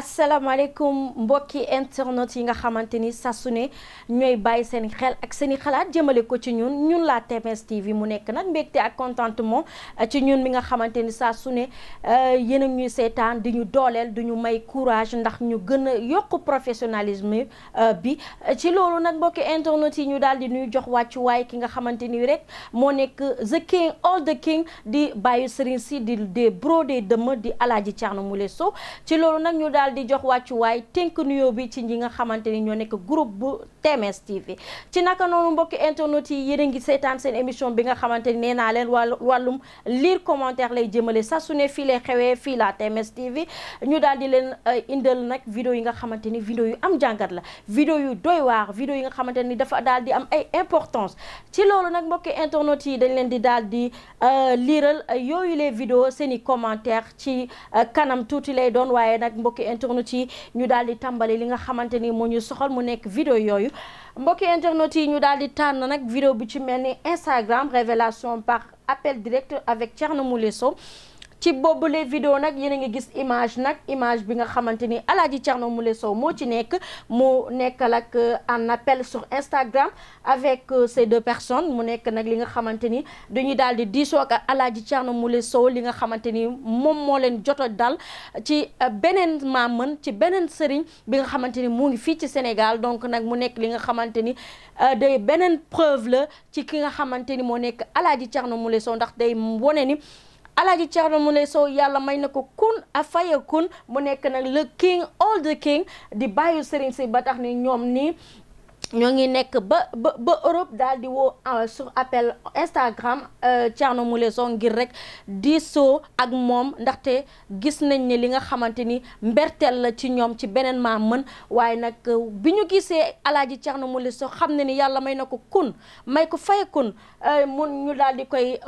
asalaamaaleykum mbokki internet yi nga xamante ni saa su ne ñooy bàyyi seen xel ak seen i xalaat jëmale ko ci ñun ñun la TMS TV mu nekk nag mbégte ak contentement ci ñun mi nga xamante ni saa su ne euh, yéen a ñuy seetaan di ñu dooleel du ñu may courage ndax ñu gën a yokk professionnalisme euh, bi ci loolu nag mbokki internet yi ñu daal di nuy jox wàccuwaay ki nga xamante ni rek moo nekk the king all the king di bàyyi sëriñ si di des brodé dëmm di alaaji Thierno Moule Sow di jox wàccuwaay tënk nuyoo bi ci ñi nga xamante ni ñoo nekk groupe bu TMS TV ci naka noonu mbokki internet yi yéen a ngi seetaan seen émission bi nga xamante ni nee naa leen wàllu liir lire commentaire lay jëmale saa su ne fii lay xewee fii laa TMS TV ñu daal di leen eh, indal nag vidéo yi nga xamante ni vidéo yu am jàngat la vidéo yu doy waar yi nga xamante ni dafa daal di am ay ci loolu nag mbokki internet yi dañ leen di daal di eh, liiral eh, yooyu les vidéos seen i commentaire ci kanam tuuti lay doon waaye nag mbokki internet yi ñu daal di tàmbali li nga xamante ni moo ñu soxal mu nekk vidéo yooyu yooyu mbokki internet yi ñu daal di tànn nag vidéo bi ci mel ni Instagram révélation par appel direct avec Thierno Moule Sow ci boobule video nag yéen ngi gis image nag image bi nga xamante ni Alaaji Thierno Moule Sow moo ci nekk mu nekkal ak euh, en appel avec euh, ces deux personnes mu nekk nag li nga xamante ni dañuy daal di diisoo ak Alaaji Thierno Moule Sow li nga xamante ni moom moo leen joto dal ci euh, beneen maamën ci beneen sëriñ bi nga xamante ni mu ngi fii ci Sénégal donc nag mu nekk li nga xamante ni day beneen preuve la ci ki nga xamante ni moo nekk Alaaji Thierno Moule Sow ndax day wone ni Alaaji mu Moule Sow yàlla may na ko kun a faya kun mu nekk nag le king all the king di bàyyi sëriñ si ba tax ni ñoom nii ñoo ngi nekk ba ba ba Europe daal di woo euh, sur appel Instagram euh, Thierno Moule Sow ngir rek diisoo ak moom ndaxte gis nañ ne li nga xamante ni mberteel la ci ñoom ci beneen maa mën waaye nag euh, bi ñu gisee alaaji Thierno Moule Sow xam ne ni yàlla may na ko kun may ko fay kun mun ñu daal di koy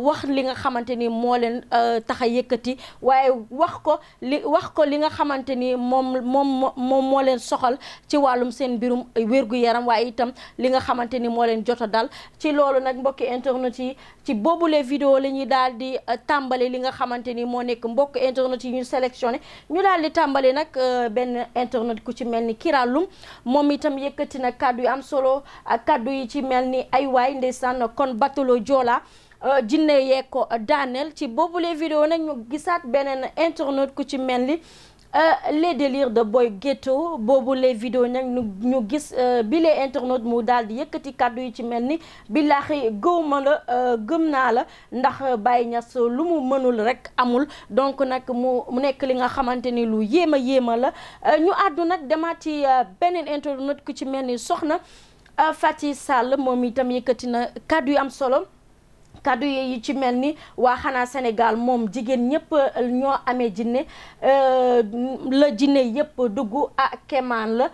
wax li nga xamante ni moo leen tax a yëkkati waaye wax ko li wax ko li nga xamante ni moom moom moom moo leen soxal ci wàllum seen mbirum wér wér yaram waaye itam li nga xamante ni moo leen jot dal ci loolu nag mbokki internet yi ci boobule vidéo la ñuy daal di euh, tàmbali li nga xamante ni moo nekk mbokk internet yi ñu sélectionné ñu daal di tàmbali nag euh, benn internet ku ci mel ni kiralum moom itam yëkkati na kàddu yu am solo ak kàddu yi ci mel ni ay waay sànn kon batalo joola euh, jinne yee ko daaneel ci boobule vidéo nag ñu gisaat beneen internet ku ci mel ni Euh, les délires de boy ghetto boobu les vidéos nag ñu gis euh, bi les internautes mu daal di yëkkati kàddu yi ci mel ni billaahi gëwma la euh, gëm naa la ndax bàyyi Niass lu mu mënul rek amul donc nag mu mu nekk li nga xamante ni lu yéem a yéema la ñu àdduna nag demaat ci beneen internaute ku ci mel ni soxna Fati Sall moom itam yëkkati na kàddu yu am solo kàddu yi ci mel ni waa xanaa Sénégal moom jigéen ñëpp euh, ñoo amee jinne euh, la jinne yëpp dugg ah kemaan la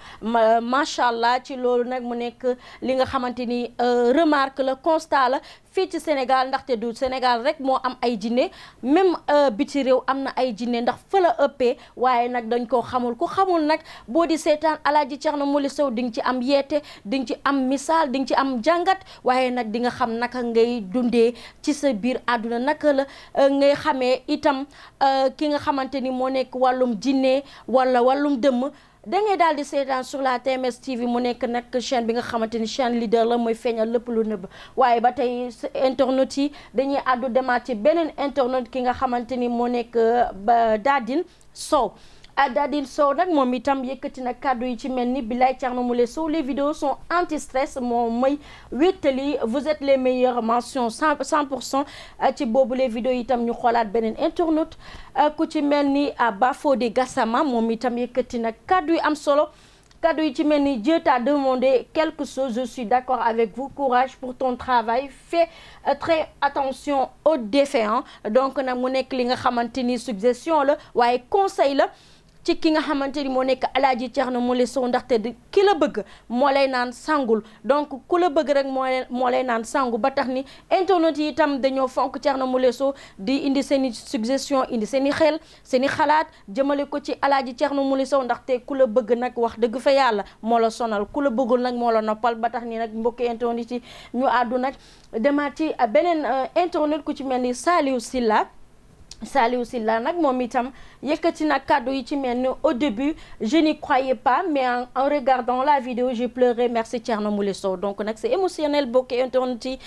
macha allah ci loolu nag mu nekk li nga xamante ni euh, remarque la constat la fii ci Sénégal ndaxte du Sénégal rek moo am ay jinne même euh, biti réew am na ay jinne ndax fa la ëppee waaye nag dañ koo xamul ku xamul nag boo di seetaan Alaaji Thierno Moule Sow di nga ci am yeete di nga ci am misaal di nga ci am jàngat waaye nag di nga xam naka ngay dundee ci sa biir àdduna naka la euh, ngay xamee itam euh, ki nga xamante ni moo nekk wàllum jinne wala wàllum dëmm da ngay daal di seetaan sur la TMS TV mu nekk nag chaîne bi nga xamante ni chaîne leader la mooy feeñal lépp lu nëbb waaye ba tey internautes yi dañuy àddu demaat ci beneen internaute ki nga xamante ni moo nekk euh, ba Dadine Sow Dadil Sow nag moom itam yëkkati nag kàddu yi ci mel ni Bilay Thierno Moule Sow les vidéos sont anti stress moom mooy wéttali vous êtes les meilleurs mentions cent cent pour cent euh, ci boobu les vidéos itam ñu xoolaat beneen internaute euh, ku ci mel ni Bafodé Gassama moom itam yëkkati nag kaddu yi am solo. kaddu yi ci mel ni Dieu t'a demandé quelque chose je suis d'accord avec vous courage pour ton travail fais euh, très attention aux défaits donc nag mu nekk li nga xamante ni suggestion la waaye conseil la. ci ki nga xamante ni moo nekk yi alaaji Thierno Moule Sow ndaxte di ki la bëgg moo lay naan sangul donc ku la bëgg rek moo lay moo lay naan sangu ba tax ni internet yi itam dañoo fonk ceex na mu la Sow di indi seen i suggestion indi seen i xel seen i xalaat jëmale ko ci ceex alaaji Thierno Moule Sow ndaxte ku la bëgg nag wax dëgg fa yàlla moo la sonal ku la bëggul nag moo la noppal ba tax ni nag mbokki internet yi ñu àddu nag demaat ci beneen euh, internet ku ci mel ni Saliou Silla Saliou Sylla nag moom itam yëkkati nag kàddu yi ci mel ni au début je n'y croyais pas mais en, regardant la vidéo j'ai pleuré merci Thierno Moule so donc nag c'est émotionnel bokki internet yi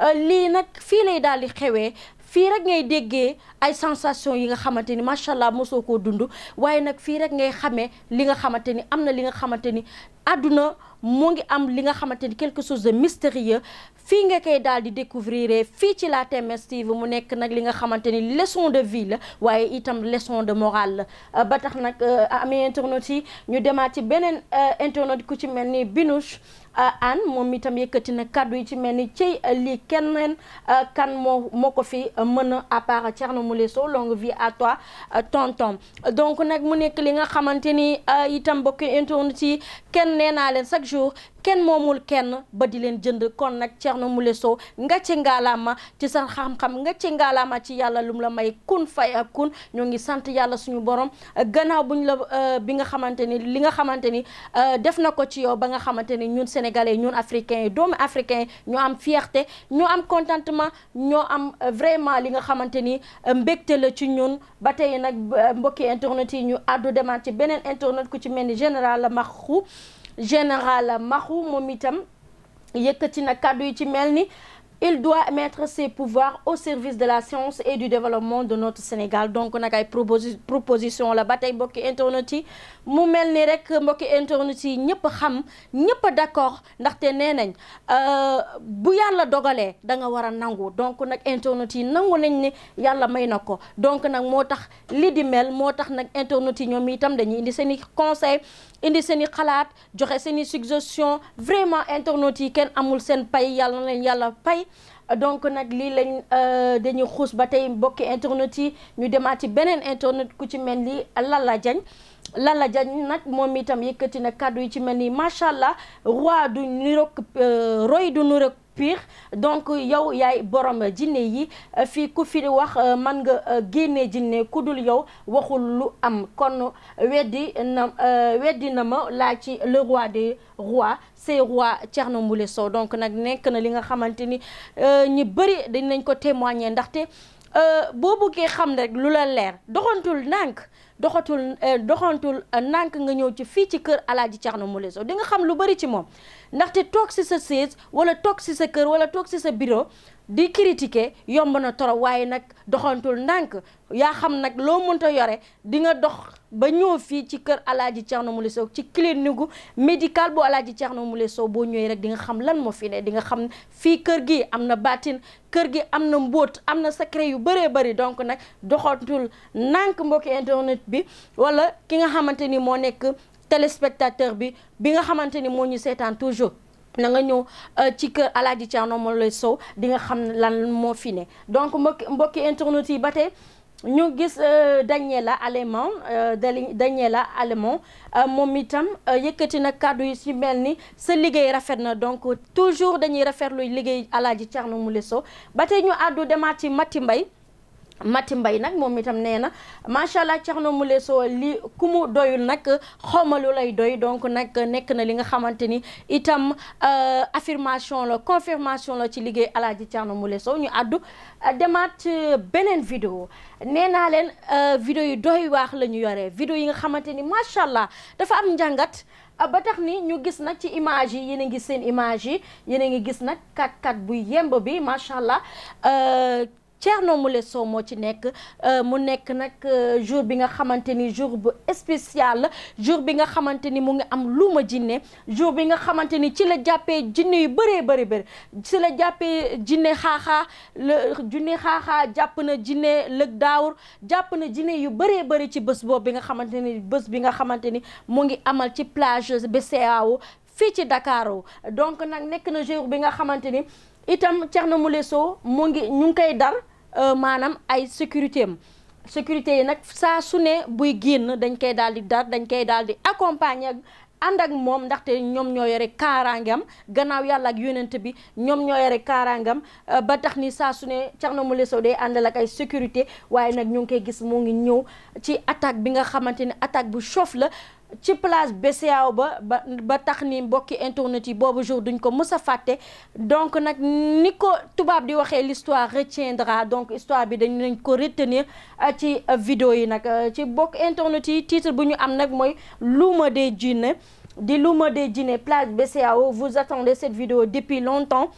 euh, lii nag fii lay daal di xewee fii rek ngay déggee ay sensation yi nga xamante ni macha allah mosoo koo dund waaye nag fii rek ngay xamee li nga xamante ni am na li nga xamante ni àdduna mu ngi am li nga xamante ni quelque chose de mystérieux fii nga koy daal di découvrir fii ci la TMS TV mu nekk nag li nga xamante ni leçon de vie la waaye itam leçon de morale la euh, ba tax nag euh, amee internautes yi ñu demaat ci beneen euh, internaute ku ci mel ni Binouche Euh, Anne moom itam yëkkati na kàddu yi ci mel ni ci lii keneen euh, kan moo moo ko fi mën a à part Thierno Moule Sow longue vie à toi euh, tonton donc nag mu nekk li nga xamante ni itam bokk internet yi kenn nee naa leen chaque jour kenn moomul kenn ba di leen jënd kon nag Thierno Moule Sow nga ci ngaalaama ci sa xam-xam nga ci ngaalaama ci yàlla lum la may kun fay ak kun ñoo ngi sant yàlla suñu borom gannaaw bu ñu la euh, bi nga xamante ni li nga xamante ni euh, def na ko ci yow ba nga xamante ni ñun sénégalais ñun africains yi doomu africains ñoo am fierté ñu am contentement ñoo am euh, vraiment li nga xamante ni mbégte la ci ñun ba tey nag mbokki internet yi ñu àddu demaat ci beneen internet ku ci mel ni général Maxu général Mahou moom itam yëkkati na kàddu yi ci mel ni il doit mettre ses pouvoirs au service de la science et du développement de notre Sénégal donc nag ay proposi proposition la ba tey mbokki internet yi mu mel ni rek mbokki internet yi ñëpp xam ñëpp d' accord ndaxte nee nañ euh, bu yàlla dogalee da nga war a nangu donc nag internet yi nangu nañ ne yàlla may na ko donc nag moo tax li di mel moo tax nag internet yi ñoom itam dañuy indi seen i conseil indi seen i xalaat joxe seen i suggestion vraiment internet yi kenn amul seen pay yàlla na donc nag lii lañ euh, dañu xuus ba tey mbokki internet yi ñu demaat ci beneen internet ku ci mel ni Lalla Diagne Lalla Diagne nag moom itam yëkkati nag kàddu yi ci mel ni macha allah roi du niroog euh, roy du niroog. pur donc yow yaay borom jinne yi fii ku fi wax man nga euh, génne jinne ku dul yow waxul lu am kon weddi na euh, weddi na ma laa ci le roi des rois c'est roi Thierno Moule Sow donc nag nekk na li nga xamante ni euh, ñi bëri dinañ ko témoigner ndaxte boo buggee xam ne rek lu la leer doxantul ndànk doxatul doxantul ndànk nga ñëw ci fii ci kër Alaaji Thierno Moule Sow di nga xam lu bëri ci moom ndaxte toog si sa siège wala toog si sa kër wala toog si sa bureau di critiquer yomb na torop waaye nag doxantul ndànk yaa xam nag loo mënta yore di nga dox ba ñëw fii ci kër Alaaji Thierno Moule Sow ci clinique médical bu Alaaji Thierno Moule Sow boo ñëwee rek di nga xam lan moo fi ne di nga xam fii kër gi am na baatin kër gi am na mbóot am na secret yu bëree bëri donc nag doxantul ndànk mbokki internet bi wala ki nga xamante ni moo nekk téléspectateur bi bi nga xamante ni moo ñu seetaan toujours na nga ñëw euh, ci kër Alaaji Thierno Moule Sow di nga xam lan moo fi ne donc mbokki mbokki internet yi ba tey ñu gis euh, Daniela Alemon euh, Daniela Alemon moom itam yëkkati nag kàddu yi ci mel ni sa liggéey rafet na donc toujours dañuy rafetlu liggéey Alaaji mu Moule Sow ba tey ñu àddu demaat ci Mati Mbay Mati Mbay nag moom itam nee na macha allah Thierno Moule Sow li ku mu doyul nag xawma lu lay doy donc nag nekk na li nga xamante ni itam euh, affirmation la confirmation la ci liggéey Alaaji Thierno Moule Sow ñu àddu demaat beneen video nee naa leen euh, vidéo yu doy waax la ñu yoree vidéo yi nga xamante ni macha allah dafa am njàngat ba tax nii ñu gis nag ci image yi yéen a ngi seen image yi yéen a ngi gis nag 4x4 bu yemb bi macha allah. Euh, Thierno Moule Sow moo ci nekk euh, mu nekk nag euh, jour bi nga xamante ni jour bu spécial jour bi nga xamante ni mu ngi am luuma jinne jour bi nga xamante ni ci la jàppee jinne yu bëree bëri ci la jàppee jinne xaaxaa jinne xaaxaa jàpp na jinne lëg daawur jàpp na jinne yu bëree bëri ci bës boobu bi nga xamante ni bés bi nga xamante ni mu ngi amal ci plage BCEAO fii ci Dakar donc nag nekk na jour bi nga xamante ni itam Thierno Moule Sow mu ngi ñu ngi koy dar Euh, maanaam ay sécurité am sécurité yi nag saa su ne buy génn dañ koy daal di dar dañ koy daal di accompagner ànd ak moom ndaxte ñoom ñoo yore kaaraangam gannaaw yàlla ak yonent bi ñoom ñoo yore kaaraangam euh, ba tax ni saa su ne Thierno Moule Sow day àndal ak ay sécurité waaye nag ñoo ngi koy gis moo ngi ñëw ci attaque bi nga xamante ne attaque bu chof la ci place BCEAO ba ba ba tax ni mbokki internet yi boobu jour duñ ko mës a fàtte donc nag ni ko tubaab di waxee l'histoire retiendra donc histoire bi dañ nañ ko retenir euh, ci vidéo yi nag euh, ci mbokk internet yi titre bu ñu am nag mooy luuma de jinne di luuma des jinne place BCEAO vous attendez cette vidéo depuis longtemps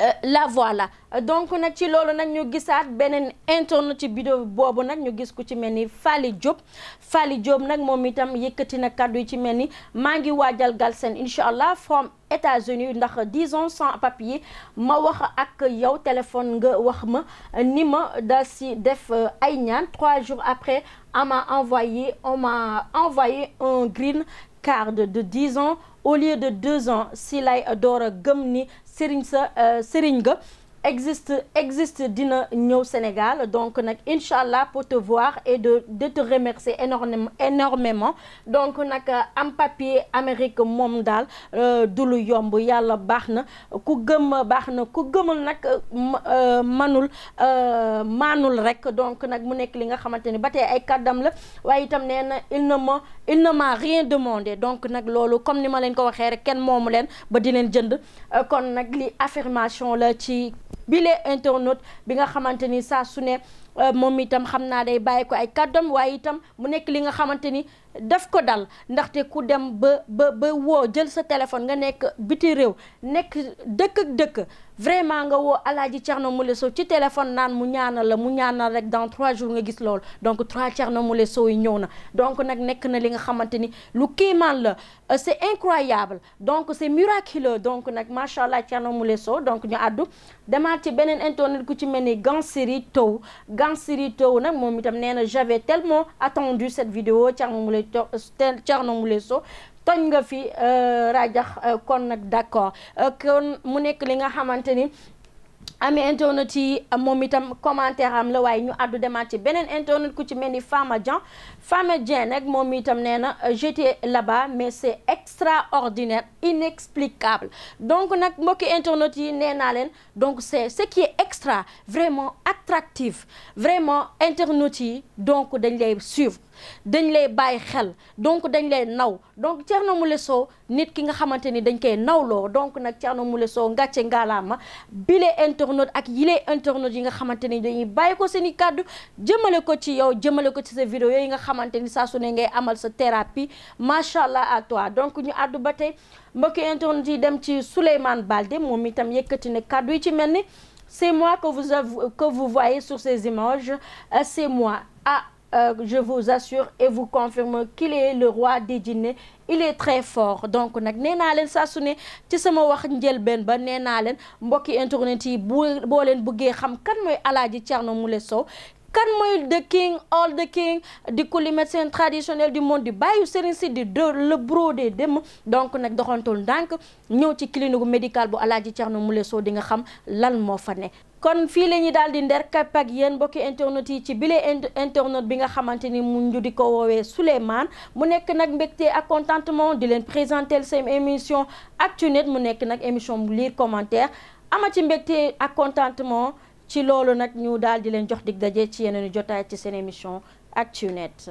Euh, la voilà donc nag ci loolu nag ñu gisaat beneen interne ci vidéo boobu nag ñu gis ko ci mel ni Fally Diop Fally Diop nag moom itam yëkkati na kàddu yi ci mel ni maa ngi waajal seen incha allah from États-Unis ndax 10 ans sans papier ma wax ak yow téléphone nga wax ma ni ma da si def euh, ay ñaan trois jours après on m'a envoyé on m'a envoyé un green card de 10 ans au lieu de deux ans si lay door a gëm ni sëriñ sa euh, sëriñ ga existe existe dina ñëw Sénégal donc nag incha allah pour te voir et de de te remercier énormément énormément donc nag am papier Amérique moom daal euh, du lu yomb yàlla baax na ku gëm baax na ku gëmul nag euh, manul euh, maanul rek donc nag mu nekk li nga xamante ni ba tey ay kàddam la waaye itam nee na il ne m'a il ne m'a rien demandé donc nag loolu comme ni ma leen ko waxee rek kenn moomu leen ba di leen jënd kon nag li affirmation la ci bi les internautes bi nga xamante ni saa su ne euh, moom itam xam naa day bàyyi ko ay kàddoom waaye itam mu nekk li nga xamante ni daf ko dal ndaxte ku dem ba ba ba woo jël sa téléphone nga nekk biti réew nekk dëkk ak dëkk vraiment nga woo Alaaji Thierno Moule Sow ci téléphone naan mu ñaana la mu ñaanal rek dans trois jours nga gis loolu donc trois Thierno Moule Sow yi ñëw na donc nag nekk na li nga xamante ni lu kiimaan la euh, c'est incroyable donc c'est miraculeux donc nag macha allah Thierno Moule Sow donc ñu àddu demaat ci beneen internet ku ci mel ni Gansiri Taw Gansiri Taw nag moom itam nee na j'avais tellement attendu cette vidéo Thierno Moule euh, Thierno Moule Sow toñ nga fi euh, rajax euh, kon nag d'accord euh, kon mu nekk li nga xamante ni amee internet yi moom itam commentaire am la waaye ñu àddu demaat ci beneen internet ku ci mel ni Fama Dieng Fama Dieng nag moom itam nee na j'étais là-bas mais c'est extraordinaire inexplicable donc nag mbokki internet yi nee naa leen donc c'est ce qui est extra vraiment attractif vraiment internet yi donc dañ lay suivre dañ lay bàyyi xel donc dañ lay naw donc Thierno Moule Sow nit ki nga xamante ni dañ koy nawloo donc nag Thierno Moule Sow ngàcce ngaalaama bile internaute ak yile internaute yi nga xamante ni dañuy bàyyi ko seen i kàddu jëmale ko ci yow jëmale ko ci sa vidéo yi nga xamante ni saa su ne ngay amal sa thérapie macha allah à toi donc ñu àddu ba tey mbokki internaute yi dem ci Souleymane Balde moom itam yëkkati ne kàddu yi ci mel ni c'est moi que vous que vous voyez sur euh, ah Euh, je vous assure et vous confirme qu'il est le roi des djinns il est très fort donc nag nee naa leen saa su ne ci sama wax njëlbeen ba nee naa leen mbokki internet yi boo leen buggee xam kan mooy Alaaji mu Moule Sow kan mooy the king all the king di ko li médecin traditionnel du monde di bàyyi sëriñ si di de le brodé dem donc nag doxantul ndànk ñëw ci clinique médical bu Alaaji Thierno Moule soo di nga xam lan moo fa ne kon fii la ñuy daal di nder kapp ak yéen mbokki internet yi ci bile internet bi nga xamante ni mu ñu di ko woowee Souleymane mu nekk nag mbégte ak contentement di leen présenter seen émission Actu Net mu nekk nag émission bu lire commentaire ama ci ak contentement ci loolu nag ñu daal di leen jox dig daje ci yeneen i jotaay ci seen émission Actu Net